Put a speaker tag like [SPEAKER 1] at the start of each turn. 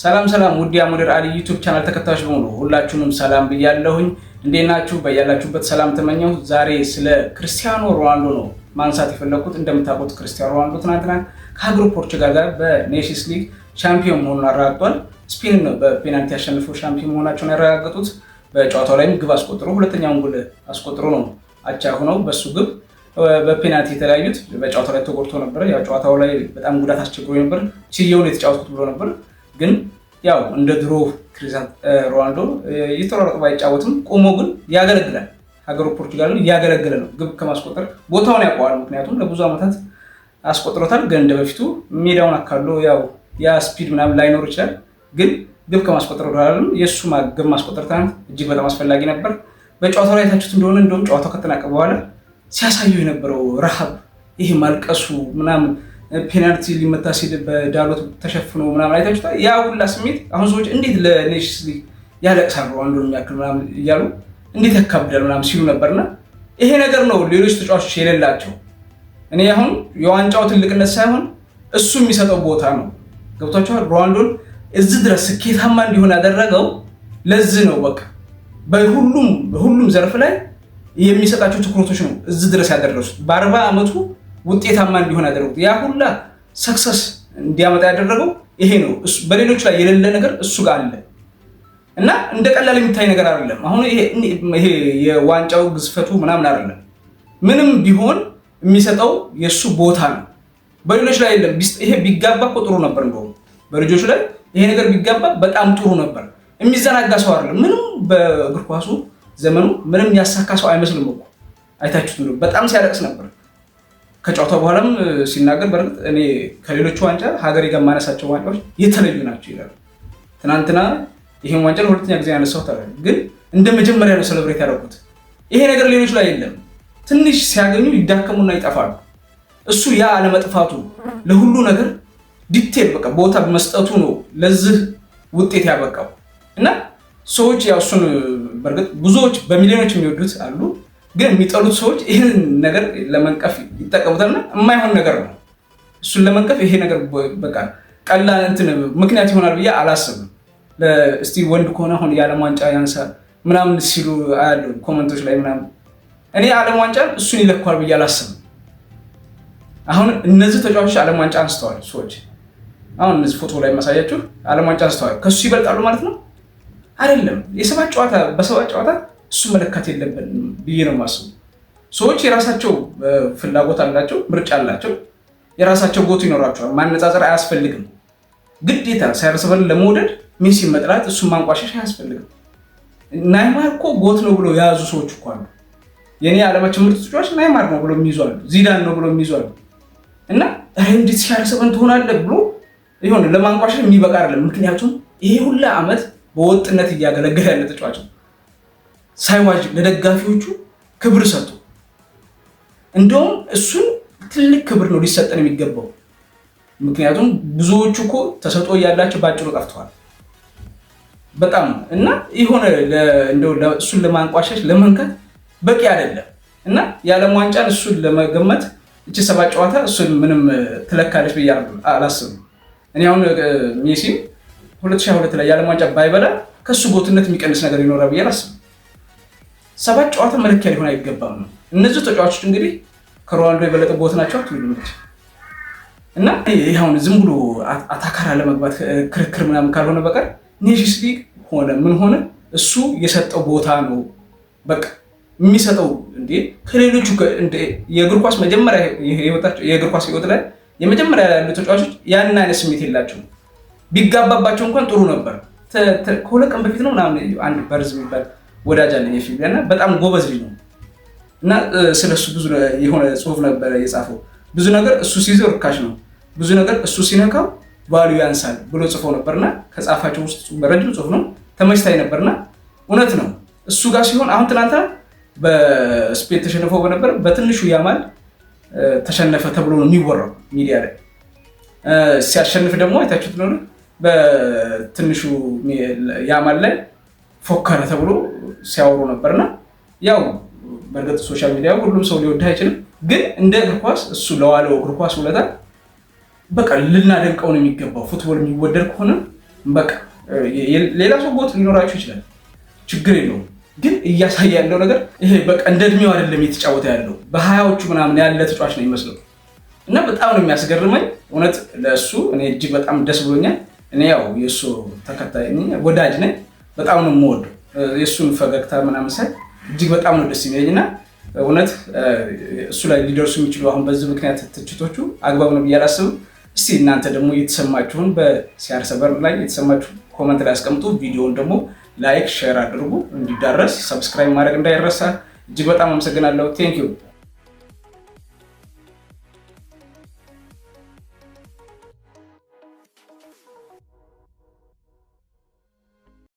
[SPEAKER 1] ሰላም ሰላም ውድ የአሙዲር አሊ ዩቲዩብ ቻናል ተከታዮች በሙሉ ሁላችሁንም ሰላም ብያለሁኝ። እንዴት ናችሁ? በያላችሁበት ሰላም ተመኘው። ዛሬ ስለ ክርስቲያኖ ሮናልዶ ነው ማንሳት የፈለኩት። እንደምታውቁት ክርስቲያኖ ሮናልዶ ትናንትና ከሀገሩ ፖርቹጋል ጋር በኔሽንስ ሊግ ሻምፒዮን መሆኑን አረጋግጧል። ስፔን በፔናልቲ ያሸንፈው ሻምፒዮን መሆናቸውን ያረጋገጡት። በጨዋታው ላይም ግብ አስቆጥሮ ሁለተኛውን ጎል አስቆጥሮ ነው አቻ ሆነው በሱ ግብ በፔናልቲ የተለያዩት። በጨዋታው ላይ ተጎድቶ ነበር። ያው ጨዋታው ላይ በጣም ጉዳት አስቸግሮ ነበር። ሲየውን የተጫወትኩት ብሎ ነበር ግን ያው እንደ ድሮ ክርስቲያን ሮናልዶ የተሯሯጠ ባይጫወትም ቆሞ ግን ያገለግላል። ሀገሩ ፖርቱጋል እያገለገለ ነው። ግብ ከማስቆጠር ቦታውን ያውቀዋል። ምክንያቱም ለብዙ ዓመታት አስቆጥሮታል። ግን እንደ በፊቱ ሜዳውን አካሎ ያው ያ ስፒድ ምናምን ላይኖር ይችላል። ግን ግብ ከማስቆጠር ወደኋላም የእሱ ግብ ማስቆጠር ትናንት እጅግ በጣም አስፈላጊ ነበር። በጨዋታው ላይ ታችሁት እንደሆነ እንደውም ጨዋታው ከተናቀ በኋላ ሲያሳየው የነበረው ረሃብ ይሄ ማልቀሱ ምናምን ፔናልቲ ሊመታ ሲል በዳሎት ተሸፍኖ ምናምን አይታችሁታል። ያ ሁላ ስሜት አሁን ሰዎች እንዴት ለኔሽንስ ሊግ ያለቅሳሉ አንዱ የሚያክል ምናምን እያሉ እንዴት ያካብዳል ምናምን ሲሉ ነበርና ይሄ ነገር ነው ሌሎች ተጫዋቾች የሌላቸው። እኔ አሁን የዋንጫው ትልቅነት ሳይሆን እሱ የሚሰጠው ቦታ ነው። ገብቷቸዋል። ሮናልዶን እዚህ ድረስ ስኬታማ እንዲሆን ያደረገው ለዚህ ነው። በቃ በሁሉም በሁሉም ዘርፍ ላይ የሚሰጣቸው ትኩረቶች ነው እዚህ ድረስ ያደረሱት በአርባ ዓመቱ ውጤታማ እንዲሆን ያደረጉት ያ ሁላ ሰክሰስ እንዲያመጣ ያደረገው ይሄ ነው። በሌሎች ላይ የሌለ ነገር እሱ ጋር አለ እና እንደ ቀላል የሚታይ ነገር አይደለም። አሁን ይሄ የዋንጫው ግዝፈቱ ምናምን አይደለም። ምንም ቢሆን የሚሰጠው የእሱ ቦታ ነው። በሌሎች ላይ የለም። ይሄ ቢጋባ እኮ ጥሩ ነበር። እንደውም በልጆቹ ላይ ይሄ ነገር ቢጋባ በጣም ጥሩ ነበር። የሚዘናጋ ሰው አይደለም። ምንም በእግር ኳሱ ዘመኑ ምንም ያሳካ ሰው አይመስልም እኮ አይታችሁት፣ በጣም ሲያለቅስ ነበር። ከጨዋታ በኋላም ሲናገር በእርግጥ እኔ ከሌሎቹ ዋንጫ ሀገሬ ጋር የማነሳቸው ዋንጫዎች የተለዩ ናቸው ይላሉ። ትናንትና ይህን ዋንጫ ለሁለተኛ ጊዜ ያነሳሁት አለ፣ ግን እንደ መጀመሪያ ነው ሰለብሬት ያደረጉት። ይሄ ነገር ሌሎች ላይ የለም። ትንሽ ሲያገኙ ይዳከሙና ይጠፋሉ። እሱ ያ አለመጥፋቱ ለሁሉ ነገር ዲቴል በቃ ቦታ መስጠቱ ነው ለዚህ ውጤት ያበቃው እና ሰዎች ያው እሱን በእርግጥ ብዙዎች በሚሊዮኖች የሚወዱት አሉ ግን የሚጠሉት ሰዎች ይህን ነገር ለመንቀፍ ይጠቀሙታልና የማይሆን ነገር ነው። እሱን ለመንቀፍ ይሄ ነገር በቃ ቀላል እንትን ምክንያት ይሆናል ብዬ አላስብም። እስቲ ወንድ ከሆነ አሁን የዓለም ዋንጫ ያንሳል ምናምን ሲሉ አያለሁ ኮመንቶች ላይ ምናምን። እኔ የዓለም ዋንጫ እሱን ይለኳል ብዬ አላስብም። አሁን እነዚህ ተጫዋቾች ዓለም ዋንጫ አንስተዋል ሰዎች አሁን እነዚህ ፎቶ ላይ ማሳያችሁ ዓለም ዋንጫ አንስተዋል። ከሱ ይበልጣሉ ማለት ነው አይደለም። የሰባት ጨዋታ በሰባት ጨዋታ እሱ መለካት የለብንም ብዬ ነው የማስበው። ሰዎች የራሳቸው ፍላጎት አላቸው፣ ምርጫ አላቸው፣ የራሳቸው ቦቱ ይኖራቸዋል። ማነጻጸር አያስፈልግም። ግዴታ ሳይረስበን ለመውደድ ሚስት መጥላት፣ እሱን ማንቋሸሽ አያስፈልግም። ናይማር እኮ ጎት ነው ብሎ የያዙ ሰዎች እኮ አሉ። የኔ የዓለማችን ምርጥ ተጫዋች ናይማር ነው ብሎ የሚይዟሉ፣ ዚዳን ነው ብሎ የሚይዟሉ። እና እንዴት ሲያርሰበን ትሆናለህ ብሎ የሆነ ለማንቋሸሽ የሚበቃ አይደለም። ምክንያቱም ይሄ ሁላ ዓመት በወጥነት እያገለገለ ያለ ተጫዋች ነው። ሳይዋጅ ለደጋፊዎቹ ክብር ሰጡ። እንደውም እሱን ትልቅ ክብር ነው ሊሰጠን የሚገባው። ምክንያቱም ብዙዎቹ እኮ ተሰጦ እያላቸው በአጭሩ ጠፍተዋል። በጣም እና የሆነ እሱን ለማንቋሸሽ ለመንከት በቂ አይደለም እና የዓለም ዋንጫን እሱን ለመገመት እቺ ሰባት ጨዋታ እሱን ምንም ትለካለች ብዬ አላስብም። እኔ አሁን ሜሲም 2022 ላይ የዓለም ዋንጫ ባይበላ ከእሱ ጎትነት የሚቀንስ ነገር ይኖራል ብዬ አላስብም። ሰባት ጨዋታ መለኪያ ሊሆን አይገባም ነው። እነዚህ ተጫዋቾች እንግዲህ ከሮናልዶ የበለጠ ቦት ናቸው ትሉች እና ይሁን ዝም ብሎ አታካራ ለመግባት ክርክር ምናምን ካልሆነ በቀር ኔሽንስ ሊግ ሆነ ምን ሆነ እሱ የሰጠው ቦታ ነው በቃ የሚሰጠው እንዴ ከሌሎቹ የእግር ኳስ መጀመሪያ የእግር ኳስ ህይወት ላይ የመጀመሪያ ያሉ ተጫዋቾች ያንን አይነት ስሜት የላቸውም። ቢጋባባቸው እንኳን ጥሩ ነበር። ከሁለት ቀን በፊት ነው ምናምን አንድ በርዝ የሚባል ወዳጅ አለኝ የፊልም እና በጣም ጎበዝ ልጅ ነው እና ስለሱ ብዙ የሆነ ጽሁፍ ነበረ የጻፈው። ብዙ ነገር እሱ ሲይዘው ርካሽ ነው፣ ብዙ ነገር እሱ ሲነካው ቫሊዩ ያንሳል ብሎ ጽፎ ነበርና ከጻፋቸው ውስጥ በረጅም ጽሁፍ ነው ተመችታኝ ነበርና እውነት ነው እሱ ጋር ሲሆን አሁን ትናንትና በስፔት ተሸንፎ በነበረ በትንሹ ያማል ተሸነፈ ተብሎ ነው የሚወራው ሚዲያ ላይ። ሲያሸንፍ ደግሞ አይታችሁት ነው በትንሹ ያማል ላይ ፎከረ ተብሎ ሲያወሩ ነበርና ያው በእርግጥ ሶሻል ሚዲያ ሁሉም ሰው ሊወድህ አይችልም፣ ግን እንደ እግር ኳስ እሱ ለዋለው እግር ኳስ ውለታል። በቃ ልናደንቀው ነው የሚገባው። ፉትቦል የሚወደድ ከሆነ በቃ ሌላ ሰው ቦት ሊኖራቸው ይችላል፣ ችግር የለውም። ግን እያሳየ ያለው ነገር ይሄ በቃ እንደ እድሜው አይደለም እየተጫወተ ያለው በሀያዎቹ ምናምን ያለ ተጫዋች ነው ይመስለው እና በጣም ነው የሚያስገርመኝ። እውነት ለእሱ እኔ እጅግ በጣም ደስ ብሎኛል። እኔ ያው የእሱ ተከታይ ወዳጅ ነኝ። በጣም ነው የምወደው። የእሱን ፈገግታ ምናምን ሳይ እጅግ በጣም ነው ደስ የሚለኝ እና እውነት እሱ ላይ ሊደርሱ የሚችሉ አሁን በዚህ ምክንያት ትችቶቹ አግባብ ነው ብዬ አላስብም። እስቲ እናንተ ደግሞ የተሰማችሁን በሲያር ሰበር ላይ የተሰማችሁ ኮመንት ላይ አስቀምጡ። ቪዲዮውን ደግሞ ላይክ፣ ሼር አድርጉ እንዲዳረስ፣ ሰብስክራይብ ማድረግ እንዳይረሳ። እጅግ በጣም አመሰግናለሁ። ቴንኪዩ